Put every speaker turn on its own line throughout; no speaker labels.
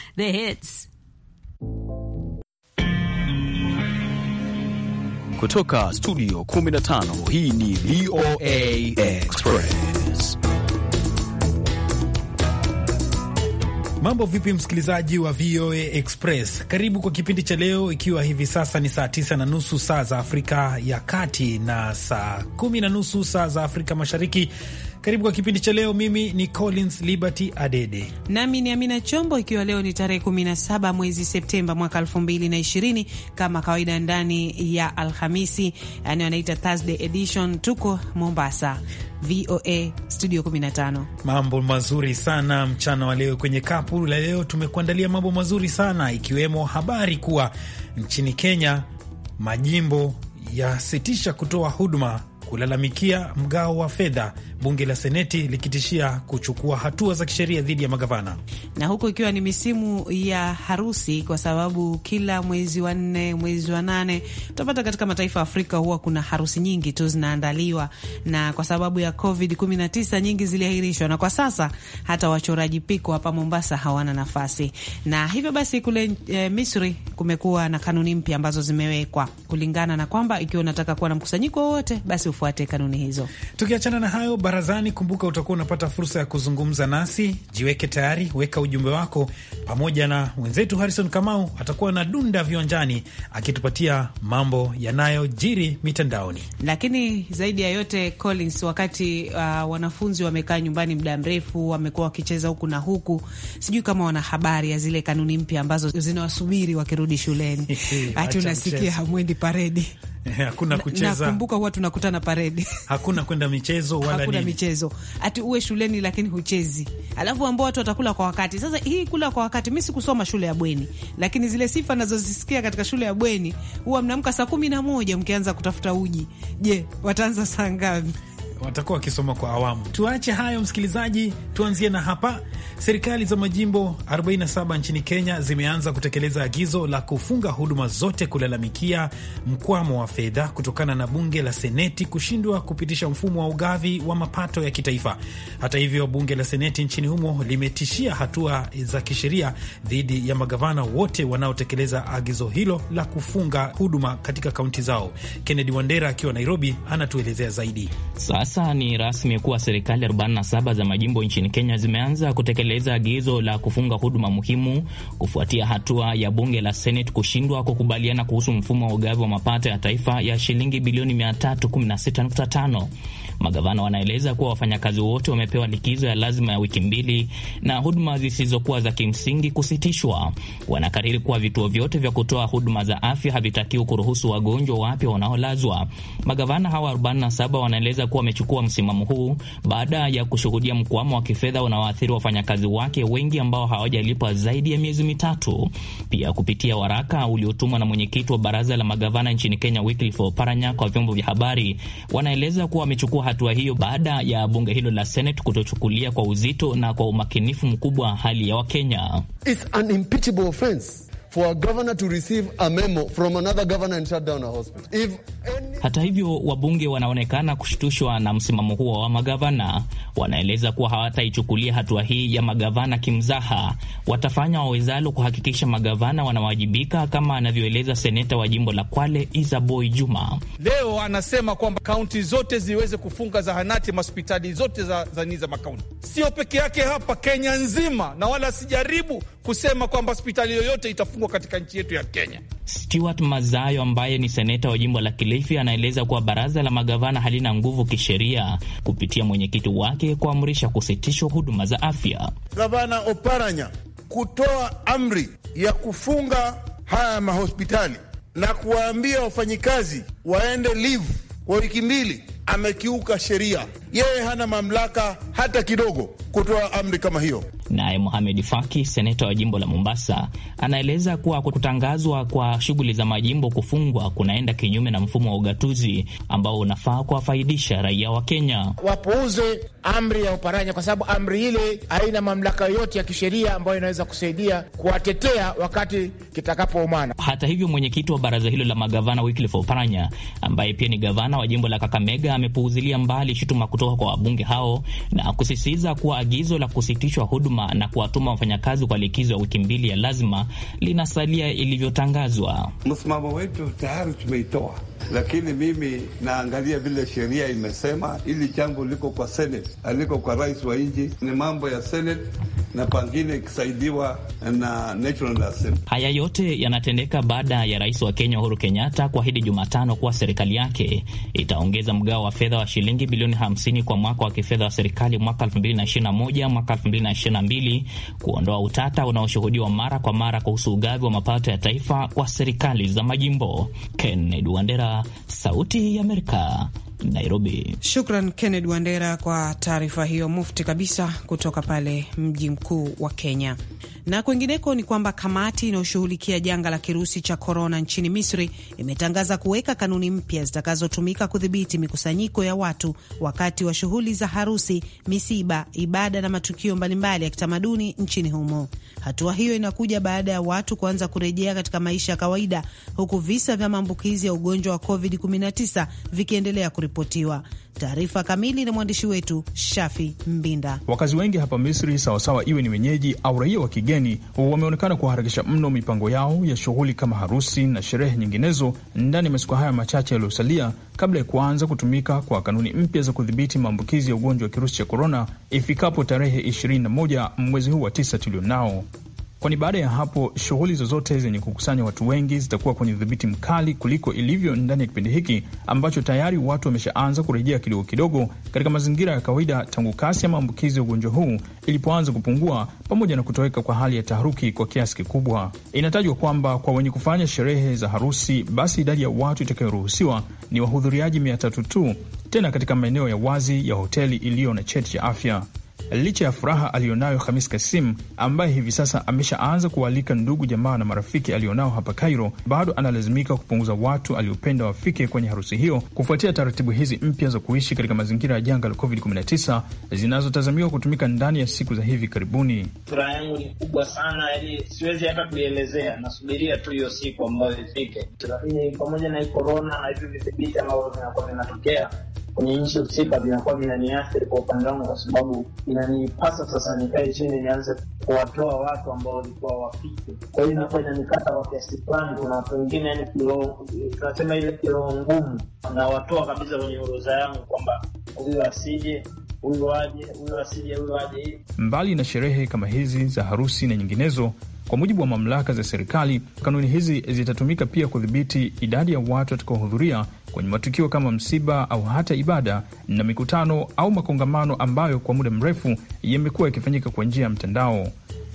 The hits
kutoka studio 15. Hii ni VOA Express. Mambo vipi, msikilizaji
wa VOA Express, karibu kwa kipindi cha leo, ikiwa hivi sasa ni saa tisa na nusu saa za Afrika ya Kati na saa kumi na nusu saa za Afrika Mashariki karibu kwa kipindi cha leo. Mimi ni Collins Liberty Adede
nami ni Amina Chombo, ikiwa leo ni tarehe 17 mwezi Septemba mwaka 2020 kama kawaida, ndani ya Alhamisi, yani wanaita Thursday edition. Tuko Mombasa, VOA studio 15.
Mambo mazuri sana mchana wa leo kwenye kapu la leo, tumekuandalia mambo mazuri sana ikiwemo habari kuwa nchini Kenya majimbo yasitisha kutoa huduma kulalamikia mgao wa fedha, bunge la seneti likitishia kuchukua hatua za kisheria dhidi ya magavana,
na huku ikiwa ni misimu ya harusi, kwa sababu kila mwezi wa nne, mwezi wa nane utapata katika mataifa ya Afrika huwa kuna harusi nyingi tu zinaandaliwa, na kwa sababu ya Covid 19 nyingi ziliahirishwa, na kwa sasa hata wachoraji piko hapa Mombasa hawana nafasi, na hivyo basi kule e, Misri kumekuwa na kanuni mpya ambazo zimewekwa kulingana na kwamba ikiwa unataka kuwa na mkusanyiko wowote basi wafuate kanuni hizo. Tukiachana na hayo barazani,
kumbuka utakuwa unapata fursa ya kuzungumza nasi. Jiweke tayari, weka ujumbe wako pamoja na wenzetu. Harrison Kamau atakuwa na dunda viwanjani akitupatia mambo yanayojiri mitandaoni.
Lakini zaidi ya yote Collins, wakati uh, wanafunzi wamekaa nyumbani muda mrefu, wamekuwa wakicheza huku na huku, sijui kama wana habari ya zile kanuni mpya ambazo zinawasubiri wakirudi shuleni. Hati unasikia hamwendi paredi
hakuna kucheza. Nakumbuka
huwa tunakutana paredi, hakuna kwenda michezo wala hakuna nini, michezo ati uwe shuleni lakini huchezi, alafu ambao watu watakula kwa wakati. Sasa hii kula kwa wakati, mimi sikusoma shule ya bweni, lakini zile sifa nazozisikia katika shule ya bweni, huwa mnaamka saa kumi na moja mkianza kutafuta uji. Je, wataanza saa ngapi?
watakuwa wakisoma kwa awamu. Tuache hayo msikilizaji, tuanzie na hapa. Serikali za majimbo 47 nchini Kenya zimeanza kutekeleza agizo la kufunga huduma zote kulalamikia mkwamo wa fedha kutokana na bunge la seneti kushindwa kupitisha mfumo wa ugavi wa mapato ya kitaifa. Hata hivyo, bunge la seneti nchini humo limetishia hatua za kisheria dhidi ya magavana wote wanaotekeleza agizo hilo la kufunga huduma katika kaunti
zao. Kennedy Wandera akiwa Nairobi anatuelezea zaidi. Sasa sasa ni rasmi kuwa serikali 47 za majimbo nchini Kenya zimeanza kutekeleza agizo la kufunga huduma muhimu kufuatia hatua ya bunge la Senate kushindwa kukubaliana kuhusu mfumo wa ugavi wa mapato ya taifa ya shilingi bilioni 316.5. Magavana wanaeleza kuwa wafanyakazi wote wamepewa likizo ya lazima ya wiki mbili na huduma zisizokuwa za kimsingi kusitishwa. Wanakariri kuwa vituo vyote vya kutoa huduma za afya havitakiwi kuruhusu wagonjwa wapya wanaolazwa. Magavana hawa 47 wanaeleza kuwa kuchukua msimamo huu baada ya kushuhudia mkwamo wa kifedha unaoathiri wafanyakazi wake wengi ambao hawajalipwa zaidi ya miezi mitatu. Pia kupitia waraka uliotumwa na mwenyekiti wa baraza la magavana nchini Kenya, Wycliffe Oparanya, kwa vyombo vya habari, wanaeleza kuwa wamechukua hatua hiyo baada ya bunge hilo la Senate kutochukulia kwa uzito na kwa umakinifu mkubwa hali ya Wakenya.
It's an impeachable offense for a a a governor governor to receive memo from another and shut down hospital.
If Hata hivyo, wabunge wanaonekana kushtushwa na msimamo huo wa magavana. Wanaeleza kuwa hawataichukulia hatua hii ya magavana kimzaha, watafanya wawezalo kuhakikisha magavana wanawajibika, kama anavyoeleza seneta wa jimbo la Kwale Isaboy Juma.
Leo anasema kwamba kaunti zote ziweze kufunga zahanati, hospitali zote za, za makaunti. Sio peke yake hapa, Kenya nzima, na wala sijaribu kusema kwamba hospitali yoyote itafunga kubwa katika nchi yetu ya Kenya.
Stuart Mazayo ambaye ni seneta wa jimbo la Kilifi anaeleza kuwa baraza la magavana halina nguvu kisheria kupitia mwenyekiti wake kuamrisha kusitishwa huduma za afya.
Gavana Oparanya kutoa
amri ya kufunga haya mahospitali na kuwaambia wafanyikazi waende livu kwa wiki mbili amekiuka sheria. Yeye hana mamlaka
hata kidogo
kutoa amri kama hiyo. Naye Muhamed Faki, seneta wa jimbo la Mombasa, anaeleza kuwa kutangazwa kwa shughuli za majimbo kufungwa kunaenda kinyume na mfumo wa ugatuzi ambao unafaa kuwafaidisha raia wa Kenya.
Wapuuze amri ya uparanya, kwa sababu amri ile haina mamlaka yoyote ya kisheria ambayo inaweza kusaidia kuwatetea wakati kitakapoumana.
Hata hivyo, mwenyekiti wa baraza hilo la magavana Wycliffe Oparanya, ambaye pia ni gavana wa jimbo la Kakamega amepuuzilia mbali shutuma kutoka kwa wabunge hao na kusisitiza kuwa agizo la kusitishwa huduma na kuwatuma wafanyakazi kwa likizo ya wiki mbili ya lazima linasalia ilivyotangazwa.
Msimamo wetu tayari tumeitoa, lakini mimi naangalia vile sheria imesema. Ili jambo liko kwa Senate, aliko kwa rais wa nchi, ni mambo ya Senate na pangine ikisaidiwa na National Assembly.
Haya yote yanatendeka baada ya rais wa Kenya Uhuru Kenyatta kuahidi Jumatano kuwa serikali yake itaongeza mgao wa fedha wa shilingi bilioni 50 kwa mwaka wa kifedha wa serikali mwaka 2021 mwaka 2022 kuondoa utata unaoshuhudiwa mara kwa mara kuhusu ugavi wa mapato ya taifa kwa serikali za majimbo. Kennedy Wandera, Sauti ya Amerika, Nairobi.
Shukran Kennedy Wandera kwa taarifa hiyo mufti kabisa kutoka pale mji mkuu wa Kenya. Na kwingineko ni kwamba kamati inayoshughulikia janga la kirusi cha korona nchini Misri imetangaza kuweka kanuni mpya zitakazotumika kudhibiti mikusanyiko ya watu wakati wa shughuli za harusi, misiba, ibada na matukio mbalimbali ya kitamaduni nchini humo. Hatua hiyo inakuja baada ya watu kuanza kurejea katika maisha ya kawaida, huku visa vya maambukizi ya ugonjwa wa COVID-19 vikiendelea kuripotiwa. Taarifa kamili na mwandishi wetu Shafi Mbinda.
Wakazi wengi hapa Misri, sawasawa iwe ni wenyeji au raia wa kigeni kigeni wameonekana kuharakisha mno mipango yao ya shughuli kama harusi na sherehe nyinginezo ndani ya masiku haya machache yaliyosalia kabla ya kuanza kutumika kwa kanuni mpya za kudhibiti maambukizi ya ugonjwa wa kirusi cha korona ifikapo tarehe 21 mwezi huu wa 9 tulionao kwani baada ya hapo shughuli zozote zenye kukusanya watu wengi zitakuwa kwenye udhibiti mkali kuliko ilivyo ndani ya kipindi hiki ambacho tayari watu wameshaanza kurejea kidogo kidogo katika mazingira ya kawaida tangu kasi ya maambukizi ya ugonjwa huu ilipoanza kupungua, pamoja na kutoweka kwa hali ya taharuki kwa kiasi kikubwa. Inatajwa kwamba kwa wenye kufanya sherehe za harusi, basi idadi ya watu itakayoruhusiwa ni wahudhuriaji mia tatu tu, tena katika maeneo ya wazi ya hoteli iliyo na cheti cha afya licha ya furaha aliyonayo Hamis Kasim ambaye hivi sasa ameshaanza kuwaalika ndugu jamaa na marafiki aliyonao hapa Kairo, bado analazimika kupunguza watu aliopenda wafike kwenye harusi hiyo kufuatia taratibu hizi mpya za kuishi katika mazingira ya janga la COVID-19 zinazotazamiwa kutumika ndani ya siku za hivi karibuni.
Furaha yangu ni kubwa sana, yaani siwezi hata kuielezea. Nasubiria tu hiyo siku ambayo ifike, lakini pamoja na hii korona na hivi vidhibiti ambavyo vinakuwa vinatokea
kwenye nchi husika vinakuwa vinaniathiri kwa upande wangu, kwa
sababu inanipasa sasa nikae chini nianze kuwatoa watu ambao walikuwa wapike. Kwa hiyo inakuwa inanikata kwa kiasi fulani. Kuna watu wengine yani tunasema ile kiroho ngumu, nawatoa kabisa kwenye orodha yangu kwamba huyu asije huyu aje, huyu asije, huyu aje.
Mbali na sherehe kama hizi za harusi na nyinginezo kwa mujibu wa mamlaka za serikali, kanuni hizi zitatumika pia kudhibiti idadi ya watu watakaohudhuria kwenye matukio kama msiba au hata ibada na mikutano au makongamano ambayo kwa muda mrefu yamekuwa yakifanyika kwa njia ya mtandao.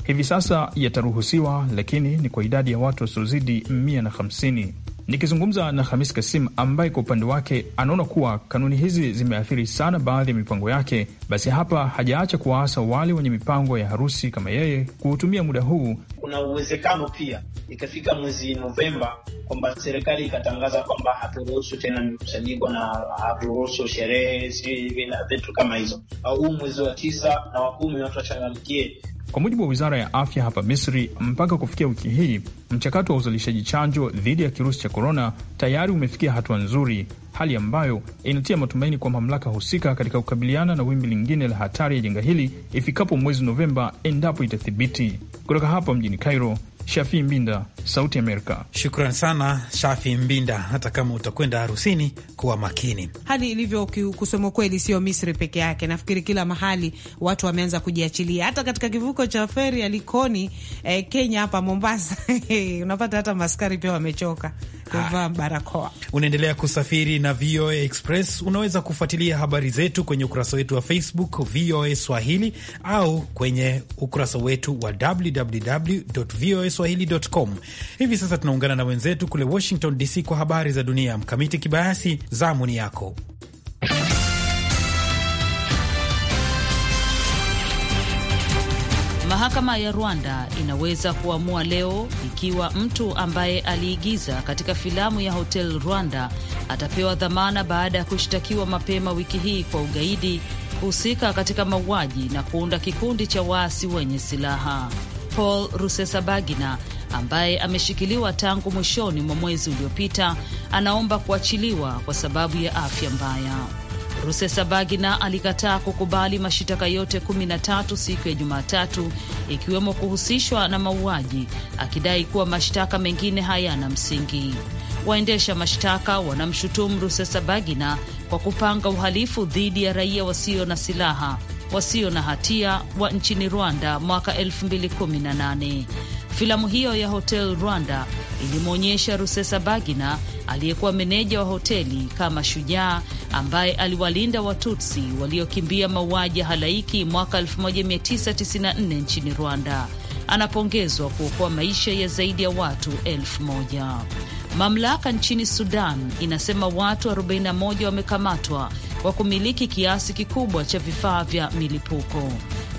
Hivi sasa yataruhusiwa, lakini ni kwa idadi ya watu wasiozidi 150. Nikizungumza na Hamis Kasim ambaye kwa upande wake anaona kuwa kanuni hizi zimeathiri sana baadhi ya mipango yake, basi hapa hajaacha kuwaasa wale wenye mipango ya harusi kama yeye kuutumia muda huu.
Kuna uwezekano pia ikafika mwezi Novemba kwamba serikali ikatangaza kwamba haturuhusu tena mikusanyiko na haturuhusu sherehe, sijui na vitu kama hizo, au huu mwezi wa tisa na wa kumi watu wachangamkie
kwa mujibu wa wizara ya afya hapa Misri, mpaka kufikia wiki hii mchakato wa uzalishaji chanjo dhidi ya kirusi cha korona tayari umefikia hatua nzuri, hali ambayo inatia matumaini kwa mamlaka husika katika kukabiliana na wimbi lingine la hatari ya janga hili ifikapo mwezi Novemba, endapo itathibiti. Kutoka hapa mjini Cairo,
Shafi Mbinda, Sauti Amerika. Shukran sana Shafi Mbinda, hata kama utakwenda harusini kuwa makini.
Hali ilivyo kusema kweli, sio Misri peke yake, nafikiri kila mahali watu wameanza kujiachilia, hata katika kivuko cha feri ya Likoni eh, Kenya hapa Mombasa eh, unapata hata maskari pia wamechoka kuvaa ah. barakoa.
Unaendelea kusafiri na VOA Express. Unaweza kufuatilia habari zetu kwenye ukurasa wetu wa Facebook VOA Swahili au kwenye ukurasa wetu wa www swahili.com. Hivi sasa tunaungana na wenzetu kule Washington DC kwa habari za dunia. Mkamiti Kibayasi, zamu ni yako.
Mahakama ya Rwanda inaweza kuamua leo ikiwa mtu ambaye aliigiza katika filamu ya Hotel Rwanda atapewa dhamana baada ya kushtakiwa mapema wiki hii kwa ugaidi, kuhusika katika mauaji na kuunda kikundi cha waasi wenye silaha. Paul Rusesabagina ambaye ameshikiliwa tangu mwishoni mwa mwezi uliopita anaomba kuachiliwa kwa sababu ya afya mbaya. Rusesabagina alikataa kukubali mashitaka yote kumi na tatu siku ya Jumatatu, ikiwemo kuhusishwa na mauaji, akidai kuwa mashtaka mengine hayana msingi. Waendesha mashtaka wanamshutumu Rusesabagina kwa kupanga uhalifu dhidi ya raia wasio na silaha wasio na hatia wa nchini Rwanda mwaka 2018. Filamu hiyo ya Hotel Rwanda ilimwonyesha Rusesabagina aliyekuwa meneja wa hoteli kama shujaa ambaye aliwalinda Watutsi waliokimbia mauaji ya halaiki mwaka 1994 nchini Rwanda. Anapongezwa kuokoa maisha ya zaidi ya watu elfu moja. Mamlaka nchini Sudan inasema watu 41 wamekamatwa wa kumiliki kiasi kikubwa cha vifaa vya milipuko.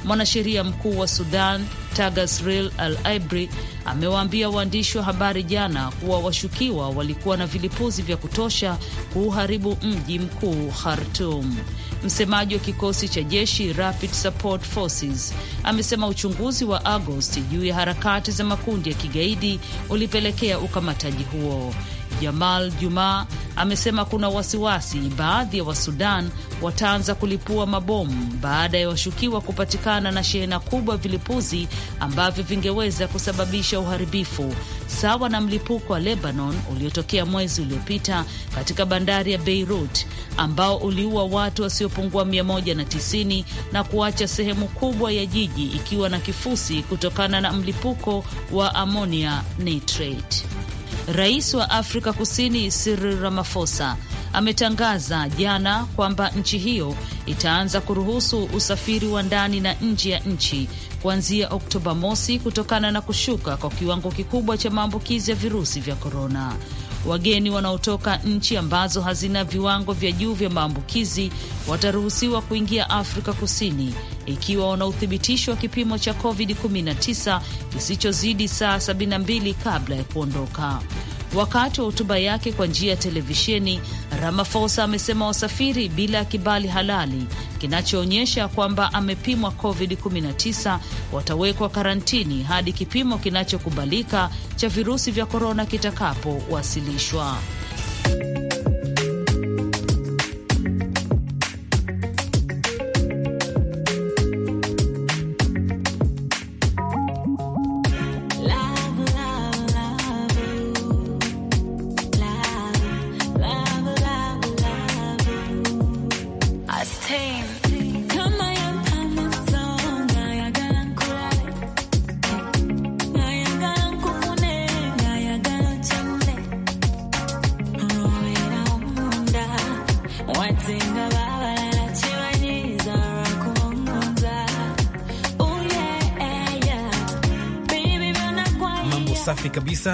Mwanasheria mkuu wa Sudan Tagasril Al Aibri amewaambia waandishi wa habari jana kuwa washukiwa walikuwa na vilipuzi vya kutosha kuuharibu mji mkuu Khartum. Msemaji wa kikosi cha jeshi Rapid Support Forces amesema uchunguzi wa Agosti juu ya harakati za makundi ya kigaidi ulipelekea ukamataji huo. Jamal Juma amesema kuna wasiwasi baadhi ya Wasudan wataanza kulipua mabomu baada ya washukiwa kupatikana na shehena kubwa vilipuzi ambavyo vingeweza kusababisha uharibifu sawa na mlipuko wa Lebanon uliotokea mwezi uliopita katika bandari ya Beirut ambao uliua watu wasiopungua 190 na kuacha sehemu kubwa ya jiji ikiwa na kifusi kutokana na mlipuko wa ammonia nitrate. Rais wa Afrika Kusini Cyril Ramaphosa ametangaza jana kwamba nchi hiyo itaanza kuruhusu usafiri wa ndani na nje ya nchi kuanzia Oktoba mosi kutokana na kushuka kwa kiwango kikubwa cha maambukizi ya virusi vya korona. Wageni wanaotoka nchi ambazo hazina viwango vya juu vya maambukizi wataruhusiwa kuingia Afrika Kusini ikiwa wana uthibitisho wa kipimo cha COVID-19 kisichozidi saa 72 kabla ya kuondoka. Wakati wa hotuba yake kwa njia ya televisheni, Ramaphosa amesema wasafiri bila ya kibali halali kinachoonyesha kwamba amepimwa COVID-19 watawekwa karantini hadi kipimo kinachokubalika cha virusi vya korona kitakapowasilishwa.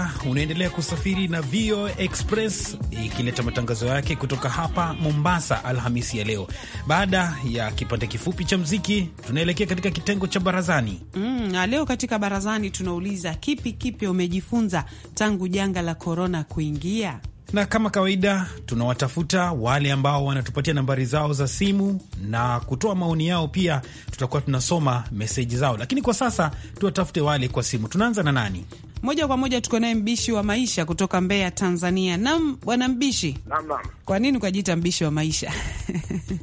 kabisa, unaendelea kusafiri na VO Express ikileta matangazo yake kutoka hapa Mombasa Alhamisi ya leo. Baada ya kipande kifupi cha mziki, tunaelekea katika kitengo cha barazani.
Mm, na leo katika barazani tunauliza kipi kipi umejifunza tangu janga la korona kuingia
na kama kawaida tunawatafuta wale ambao wanatupatia nambari zao za simu na kutoa maoni yao. Pia tutakuwa tunasoma meseji zao, lakini kwa sasa tuwatafute wale kwa simu. Tunaanza na nani?
Moja kwa moja tuko naye mbishi wa maisha kutoka Mbeya, Tanzania. Naam, bwana mbishi. Naam, naam. Kwa nini ukajiita mbishi wa maisha?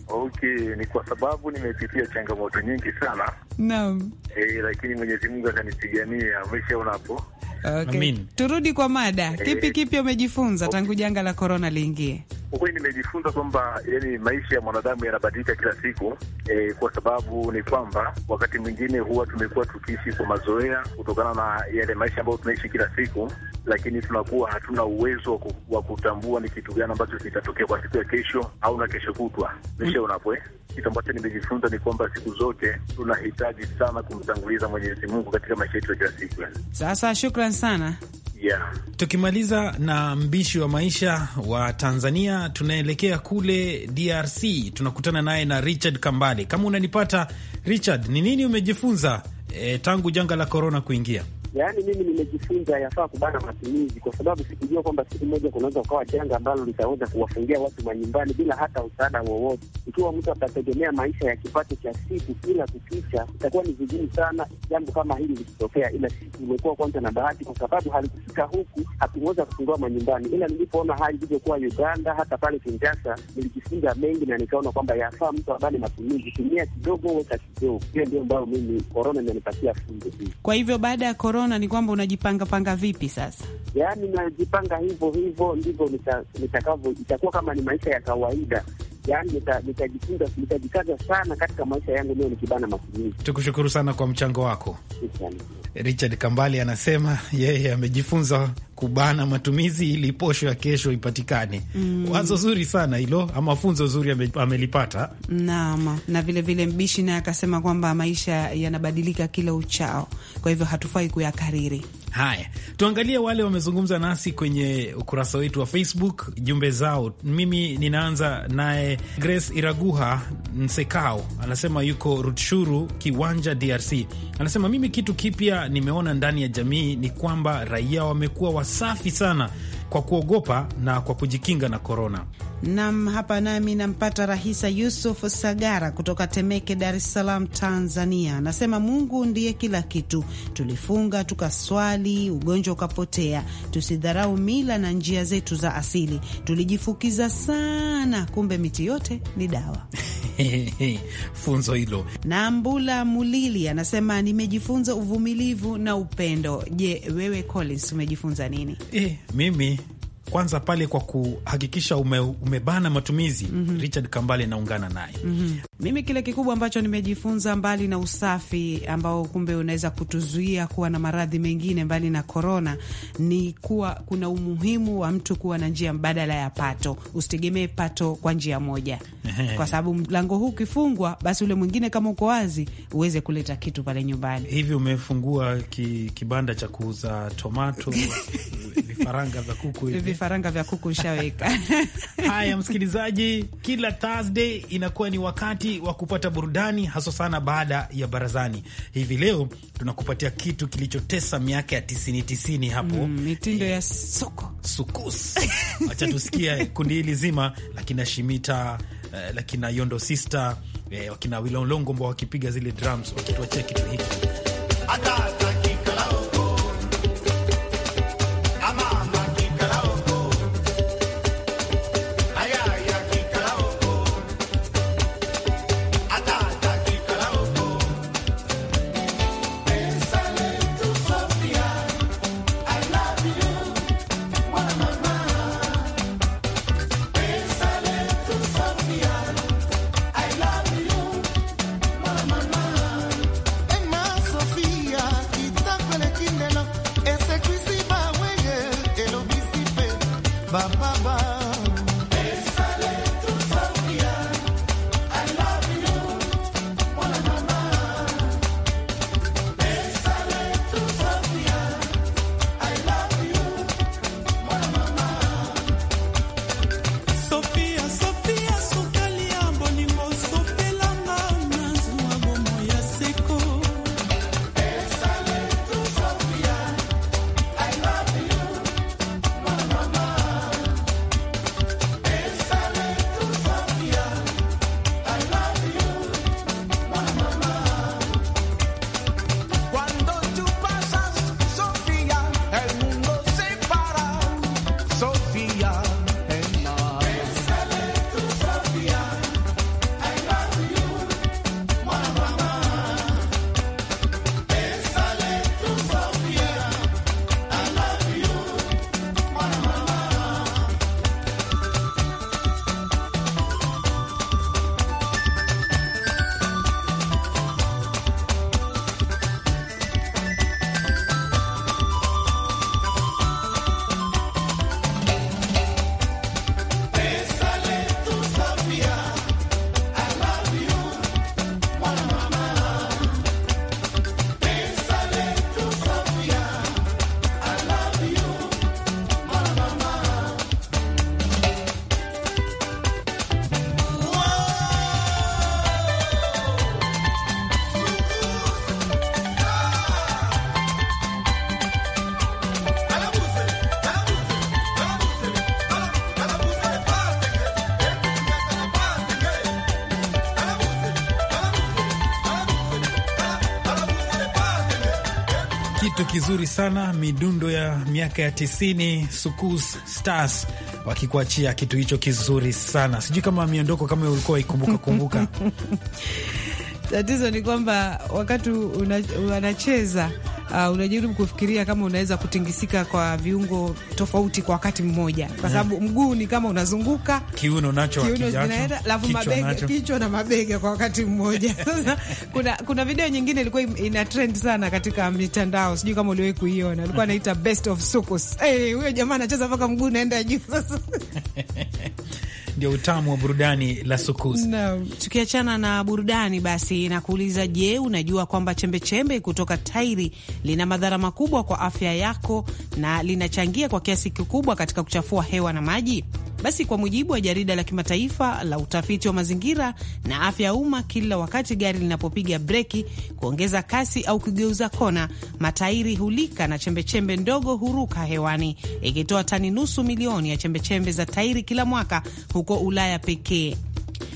Okay, ni kwa sababu nimepitia changamoto nyingi sana. Naam. Eh, lakini Mwenyezi Mungu akanipigania, umeshaona hapo. Okay. Amin.
Turudi kwa mada. Eh. Kipi kipi umejifunza okay, tangu janga la korona liingie?
Kwa kweli nimejifunza kwamba yani, maisha ya mwanadamu yanabadilika kila siku e, kwa sababu ni kwamba wakati mwingine huwa tumekuwa tukiishi kwa mazoea kutokana na yale maisha ambayo tunaishi kila siku, lakini tunakuwa hatuna uwezo wa kutambua ni kitu gani ambacho
kitatokea kwa siku ya kesho au na kesho kutwa. Nishaonapo eh? kitu ambacho nimejifunza ni kwamba siku
zote tunahitaji sana kumtanguliza Mwenyezi Mungu katika maisha yetu ya kila siku. Eh.
Sasa shukran sana.
Yeah. Tukimaliza na mbishi wa maisha wa Tanzania, tunaelekea kule DRC, tunakutana naye na Richard Kambale. Kama unanipata Richard, ni nini umejifunza eh, tangu janga la korona kuingia?
Yaani mimi nimejifunza yafaa kubana matumizi, kwa sababu sikujua kwamba siku moja kunaweza ukawa janga ambalo litaweza kuwafungia watu manyumbani bila hata usaada wowote. Ikiwa mtu atategemea maisha ya kipato cha siku bila kukicha, itakuwa ni vigumu sana jambo kama hili likitokea. Ila sisi imekuwa kwanza na bahati, kwa sababu halikufika huku, hakuweza kufungua manyumbani. Ila nilipoona hali ilivyokuwa Uganda, hata pale Kinshasa, nilijifunza mengi na nikaona kwamba yafaa mtu abane matumizi, tumia kidogo, weka kidogo. Hiyo ndio ambayo mimi korona imenipatia funzo hii.
Kwa hivyo baada ya korona korona ni kwamba unajipanga panga vipi sasa?
Yaani najipanga hivyo hivyo, ndivyo nitakavyo, itakuwa kama ni maisha ya kawaida. Yaani nitajifunza, nitajikaza sana katika maisha yangu leo nikibana matumizi.
Tukushukuru sana kwa mchango wako Richard Kambali. Anasema yeye yeah, amejifunza kubana matumizi ili posho ya kesho ipatikane. Mm. Wazo zuri sana hilo, ama funzo zuri amelipata.
Naam, na vilevile mbishi naye akasema kwamba maisha yanabadilika kila uchao, kwa hivyo hatufai kuyakariri.
Haya, tuangalie wale wamezungumza nasi kwenye ukurasa wetu wa Facebook, jumbe zao. Mimi ninaanza naye Grace Iraguha Nsekao, anasema yuko Rutshuru Kiwanja, DRC. Anasema mimi kitu kipya nimeona ndani ya jamii ni kwamba raia wamekuwa safi sana kwa kuogopa na kwa kujikinga na korona.
Nam, hapa nami nampata Rahisa Yusuf Sagara kutoka Temeke, Dar es Salaam, Tanzania. Anasema Mungu ndiye kila kitu. Tulifunga tukaswali, ugonjwa ukapotea. Tusidharau mila na njia zetu za asili. Tulijifukiza sana, kumbe miti yote ni dawa.
funzo hilo.
Nambula Mulili anasema nimejifunza uvumilivu na upendo. Je, wewe Collins umejifunza nini?
Eh, mimi kwanza pale kwa kuhakikisha ume, umebana matumizi mm -hmm. Richard Kambale naungana naye
mm -hmm. Mimi kile kikubwa ambacho nimejifunza mbali na usafi ambao kumbe unaweza kutuzuia kuwa na maradhi mengine mbali na korona, ni kuwa kuna umuhimu wa mtu kuwa na njia mbadala ya pato. Usitegemee pato kwa njia moja, kwa sababu mlango huu ukifungwa, basi ule mwingine kama uko wazi uweze kuleta kitu pale nyumbani.
Hivi umefungua ki, kibanda cha kuuza
tomato
vifaranga vya kuku hivi
vifaranga vya kuku ushaweka.
Haya, msikilizaji, kila Thursday inakuwa ni wakati wa kupata burudani, haswa sana baada ya barazani. Hivi leo tunakupatia kitu kilichotesa miaka ya tisini tisini hapo, mm, mitindo ya eh, soko sukus. Acha tusikia kundi hili zima lakina Shimita, eh, la Yondo Sister, eh, wakina Wilolongo ambao wakipiga zile drums wakituachia kitu hiki Atas. love. kitu kizuri sana, midundo ya miaka ya tisini, Sukus Stars wakikuachia kitu hicho kizuri sana. Sijui kama miondoko kama ulikuwa ikumbuka kumbuka
tatizo ni kwamba wakati wanacheza uh, unajaribu kufikiria kama unaweza kutingisika kwa viungo tofauti kwa wakati mmoja, kwa sababu mguu ni kama unazunguka,
kiuno nacho kinaenda, alafu mabega, kichwa
na mabega kwa wakati mmoja. Kuna, kuna video nyingine ilikuwa ina trend sana katika mitandao, sijui kama uliwahi kuiona, alikuwa anaita best of sukos. Hey, eh, huyo jamaa anacheza mpaka mguu naenda juu sasa
ndio utamu wa burudani la sukuzi
Tukiachana na burudani, basi nakuuliza, je, unajua kwamba chembechembe kutoka tairi lina madhara makubwa kwa afya yako na linachangia kwa kiasi kikubwa katika kuchafua hewa na maji? Basi kwa mujibu wa jarida la kimataifa la utafiti wa mazingira na afya ya umma, kila wakati gari linapopiga breki, kuongeza kasi au kugeuza kona, matairi hulika na chembechembe -chembe ndogo huruka hewani, ikitoa tani nusu milioni ya chembechembe -chembe za tairi kila mwaka huko Ulaya pekee.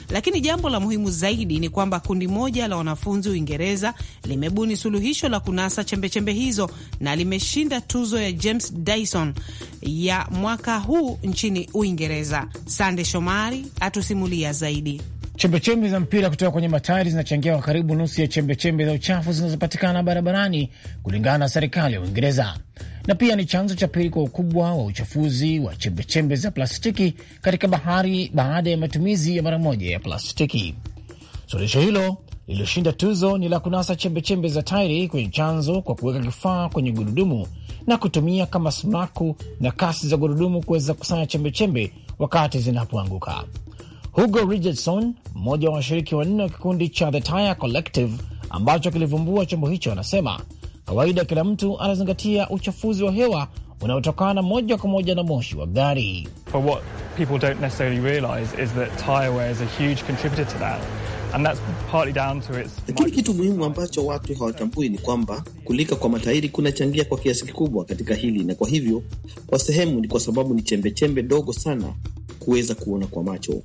Lakini jambo la muhimu zaidi ni kwamba kundi moja la wanafunzi Uingereza limebuni suluhisho la kunasa chembechembe chembe hizo na limeshinda tuzo ya James Dyson ya mwaka huu nchini Uingereza. Sande Shomari atusimulia zaidi.
Chembechembe za mpira kutoka kwenye matari zinachangia kwa karibu nusu ya chembechembe za uchafu zinazopatikana barabarani, kulingana na serikali ya Uingereza na pia ni chanzo cha pili kwa ukubwa wa uchafuzi wa chembechembe za plastiki katika bahari baada ya matumizi ya mara moja ya plastiki. Suluhisho hilo lililoshinda tuzo ni la kunasa chembechembe za tairi kwenye chanzo kwa kuweka kifaa kwenye gurudumu na kutumia kama smaku na kasi za gurudumu kuweza kusanya chembechembe wakati zinapoanguka. Hugo Richardson, mmoja wa washiriki wanne wa kikundi cha The Tire Collective ambacho kilivumbua chombo hicho, anasema Kawaida kila mtu anazingatia uchafuzi wa hewa unaotokana moja kwa moja na moshi wa gari.
Lakini kitu muhimu ambacho watu hawatambui ni kwamba kulika kwa matairi kunachangia kwa kiasi kikubwa katika hili, na kwa hivyo kwa sehemu ni kwa sababu ni chembechembe ndogo sana kuweza kuona kwa macho.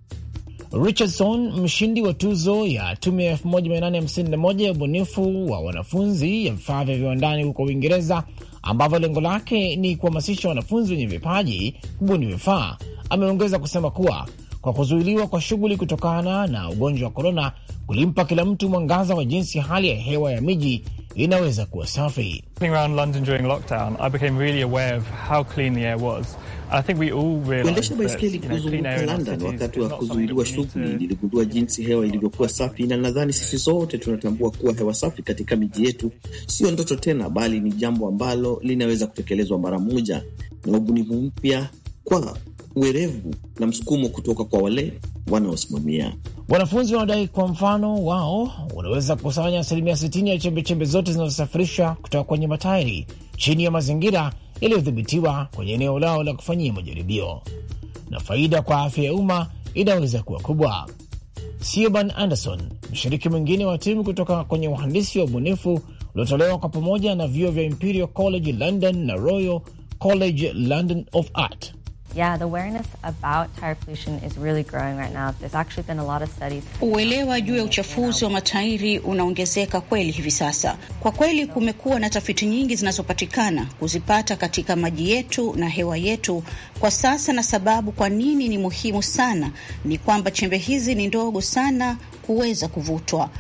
Richardson, mshindi wa tuzo ya tume 1851 ya ubunifu wa wanafunzi ya vifaa vya viwandani huko Uingereza, ambavyo lengo lake ni kuhamasisha wanafunzi wenye vipaji kubuni vifaa, ameongeza kusema kuwa kwa kuzuiliwa kwa shughuli kutokana na ugonjwa wa korona kulimpa kila mtu mwangaza wa jinsi hali ya hewa ya miji inaweza kuwa safi.
Kuendesha baiskeli kuzunguka London wakati wa
kuzuiliwa shughuli, niligundua jinsi hewa ilivyokuwa safi, na nadhani sisi sote tunatambua kuwa hewa safi katika miji yetu sio ndoto tena, bali ni jambo ambalo linaweza kutekelezwa mara moja na ubunifu mpya kwa uerevu na msukumo kutoka kwa wale wanaosimamia.
Wanafunzi wanadai kwa mfano wao wanaweza kukusanya asilimia 60 ya chembechembe zote zinazosafirisha kutoka kwenye matairi chini ya mazingira yaliyodhibitiwa kwenye eneo lao la kufanyia majaribio, na faida kwa afya ya umma inaweza kuwa kubwa. Siobhan Anderson, mshiriki mwingine wa timu kutoka kwenye uhandisi wa ubunifu uliotolewa kwa pamoja na vyuo vya Imperial College London na Royal
College London of Art Uelewa juu ya uchafuzi wa matairi unaongezeka kweli hivi sasa. Kwa kweli, kumekuwa na tafiti nyingi zinazopatikana kuzipata katika maji yetu na hewa yetu kwa sasa, na sababu kwa nini ni muhimu sana ni kwamba chembe hizi ni ndogo sana kuweza kuvutwa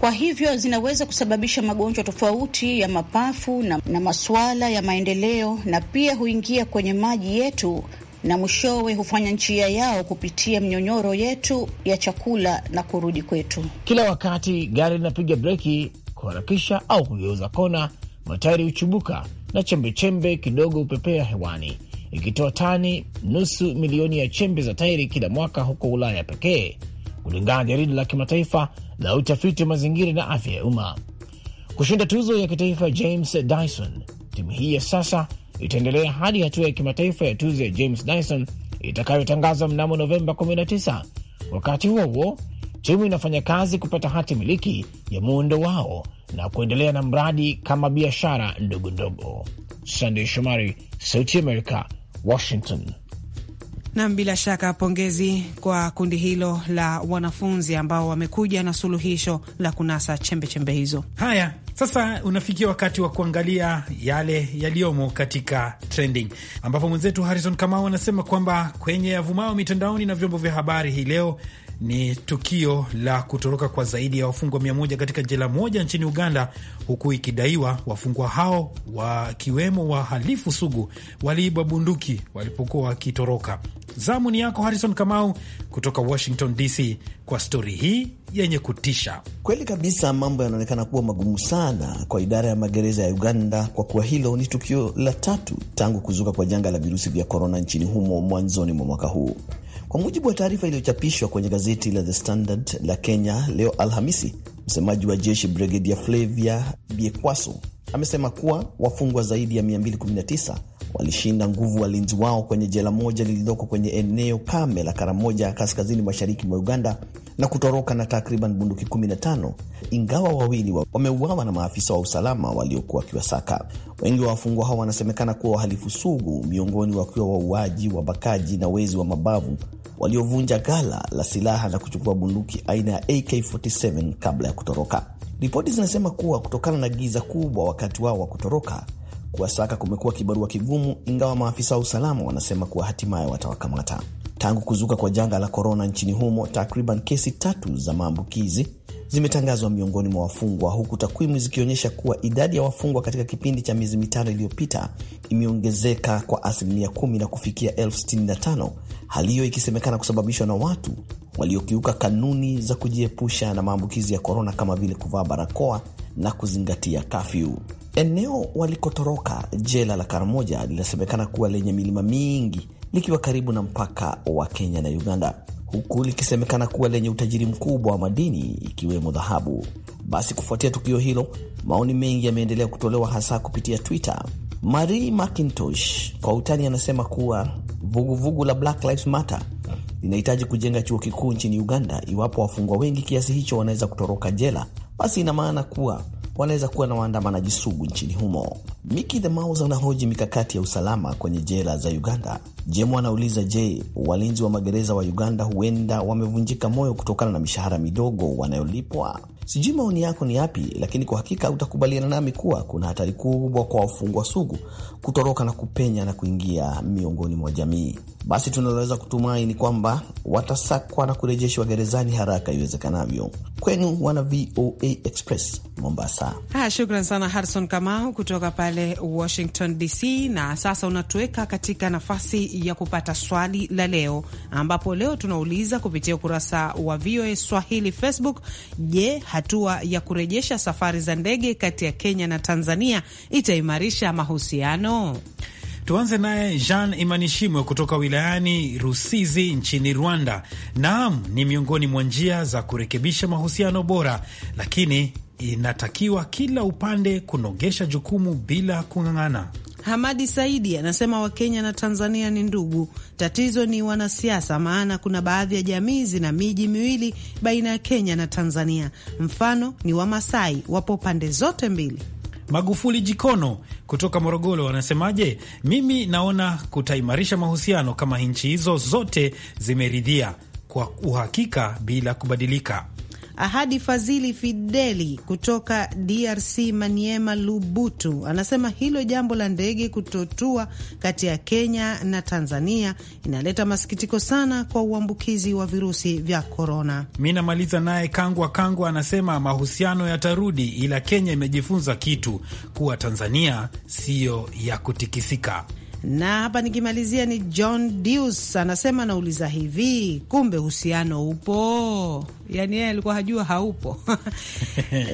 kwa hivyo zinaweza kusababisha magonjwa tofauti ya mapafu na, na masuala ya maendeleo na pia huingia kwenye maji yetu na mwishowe hufanya njia yao kupitia mnyonyoro yetu ya chakula na kurudi kwetu.
Kila wakati gari linapiga breki kuharakisha au kugeuza kona, matairi huchubuka na chembechembe kidogo hupepea hewani, ikitoa tani nusu milioni ya chembe za tairi kila mwaka huko Ulaya pekee, kulingana na jarida la kimataifa la utafiti wa mazingira na afya ya umma. Kushinda tuzo ya kitaifa James Dyson, timu hii ya sasa itaendelea hadi hatua ya kimataifa ya tuzo ya James Dyson itakayotangazwa mnamo Novemba 19. Wakati huo huo, timu inafanya kazi kupata hati miliki ya muundo wao na kuendelea na mradi kama biashara ndogo ndogo. Sandey Shomari, Sauti America, Washington.
Nam, bila shaka pongezi kwa kundi hilo la wanafunzi ambao wamekuja na suluhisho la kunasa chembe chembe hizo.
Haya, sasa unafikia wakati wa kuangalia yale yaliyomo katika trending, ambapo mwenzetu Harrison Kamau anasema kwamba kwenye yavumao mitandaoni na vyombo vya habari hii leo ni tukio la kutoroka kwa zaidi ya wafungwa mia moja katika jela moja nchini Uganda, huku ikidaiwa wafungwa hao wakiwemo wahalifu sugu waliiba bunduki walipokuwa wakitoroka. Zamu ni yako Harrison Kamau kutoka Washington DC kwa stori hii yenye kutisha
kweli kabisa. Mambo yanaonekana kuwa magumu sana kwa idara ya magereza ya Uganda kwa kuwa hilo ni tukio la tatu tangu kuzuka kwa janga la virusi vya korona nchini humo mwanzoni mwa mwaka huu, kwa mujibu wa taarifa iliyochapishwa kwenye gazeti la The Standard la Kenya leo Alhamisi. Msemaji wa jeshi Brigedia Flavia Biekwaso amesema kuwa wafungwa zaidi ya 219 walishinda nguvu walinzi wao kwenye jela moja lililoko kwenye eneo kame la Karamoja kaskazini mashariki mwa Uganda na kutoroka na takriban bunduki 15 ingawa wawili wameuawa na maafisa wa usalama waliokuwa wakiwasaka. Wengi wa wafungwa hao wanasemekana kuwa wahalifu sugu, miongoni wakiwa wauaji, wabakaji na wezi wa mabavu waliovunja gala la silaha na kuchukua bunduki aina ya AK47 kabla ya kutoroka. Ripoti zinasema kuwa kutokana na giza kubwa wakati wao wa kutoroka Kuwasaka kumekuwa kibarua kigumu, ingawa maafisa wa usalama wanasema kuwa hatimaye watawakamata. Tangu kuzuka kwa janga la korona nchini humo, takriban kesi tatu za maambukizi zimetangazwa miongoni mwa wafungwa, huku takwimu zikionyesha kuwa idadi ya wafungwa katika kipindi cha miezi mitano iliyopita imeongezeka kwa asilimia kumi na kufikia elfu sitini na tano, hali hiyo ikisemekana kusababishwa na watu waliokiuka kanuni za kujiepusha na maambukizi ya korona kama vile kuvaa barakoa na kuzingatia kafyu. Eneo walikotoroka jela la Karamoja linasemekana kuwa lenye milima mingi likiwa karibu na mpaka wa Kenya na Uganda, huku likisemekana kuwa lenye utajiri mkubwa wa madini ikiwemo dhahabu. Basi kufuatia tukio hilo, maoni mengi yameendelea kutolewa hasa kupitia Twitter. Marie McIntosh kwa utani anasema kuwa vuguvugu vugu la Black Lives Matter linahitaji kujenga chuo kikuu nchini Uganda iwapo wafungwa wengi kiasi hicho wanaweza kutoroka jela basi ina maana kuwa wanaweza kuwa na waandamanaji sugu nchini humo. Miki the Mouse anahoji mikakati ya usalama kwenye jela za Uganda. Jemo anauliza, je, walinzi wa magereza wa Uganda huenda wamevunjika moyo kutokana na mishahara midogo wanayolipwa? Sijui maoni yako ni yapi, lakini kwa hakika utakubaliana nami kuwa kuna hatari kubwa kwa wafungwa sugu kutoroka na kupenya na kuingia miongoni mwa jamii. Basi tunaloweza kutumai ni kwamba watasakwa na kurejeshwa gerezani haraka iwezekanavyo. Kwenu wana VOA Express Mombasa.
Ha, shukran sana Harrison Kamau kutoka pale Washington DC. Na sasa unatuweka katika nafasi ya kupata swali la leo, ambapo leo tunauliza kupitia ukurasa wa VOA Swahili Facebook. Je, hatua ya kurejesha safari za ndege kati ya Kenya na Tanzania itaimarisha mahusiano?
Tuanze naye Jean Imanishimwe kutoka wilayani Rusizi nchini Rwanda. Naam, ni miongoni mwa njia za kurekebisha mahusiano bora, lakini
inatakiwa kila upande kunogesha jukumu bila kung'ang'ana. Hamadi Saidi anasema Wakenya na Tanzania ni ndugu, tatizo ni wanasiasa, maana kuna baadhi ya jamii zina miji miwili baina ya Kenya na Tanzania. Mfano ni Wamasai, wapo pande zote mbili.
Magufuli Jikono kutoka Morogoro anasemaje? Mimi naona kutaimarisha mahusiano kama nchi hizo zote zimeridhia kwa uhakika bila kubadilika.
Ahadi Fazili Fideli kutoka DRC, Maniema Lubutu, anasema hilo jambo la ndege kutotua kati ya Kenya na Tanzania inaleta masikitiko sana kwa uambukizi wa virusi vya korona.
Mi namaliza naye Kangwa Kangwa anasema mahusiano yatarudi, ila Kenya imejifunza kitu kuwa Tanzania siyo ya kutikisika.
Na hapa nikimalizia ni John dus anasema, nauliza hivi, kumbe uhusiano upo? Yani yeye alikuwa hajua haupo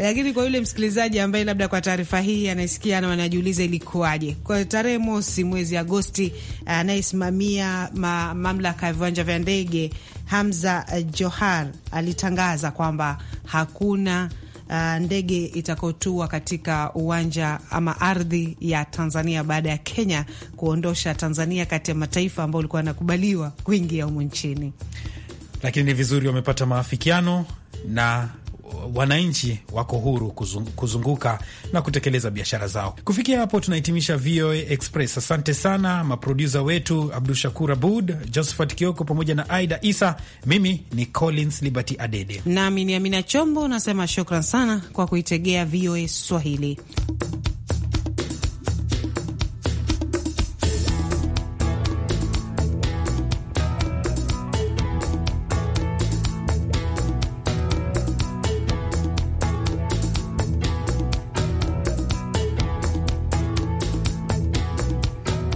lakini kwa yule msikilizaji ambaye labda kwa taarifa hii anaisikia na anajiuliza ilikuwaje, kwa tarehe mosi mwezi Agosti, eh, anayesimamia ma, mamlaka ya viwanja vya ndege Hamza eh, Johar alitangaza kwamba hakuna uh, ndege itakotua katika uwanja ama ardhi ya Tanzania baada ya Kenya kuondosha Tanzania kati ya mataifa ambayo ulikuwa anakubaliwa kuingia humu nchini.
Lakini ni vizuri wamepata maafikiano na wananchi wako huru kuzunguka na kutekeleza biashara zao. Kufikia hapo, tunahitimisha VOA Express. Asante sana maprodusa wetu Abdu Shakur Abud, Josephat Kioko pamoja na Aida Isa. Mimi ni Collins Liberty Adede
nami ni Amina Chombo, nasema shukran sana kwa kuitegea VOA Swahili.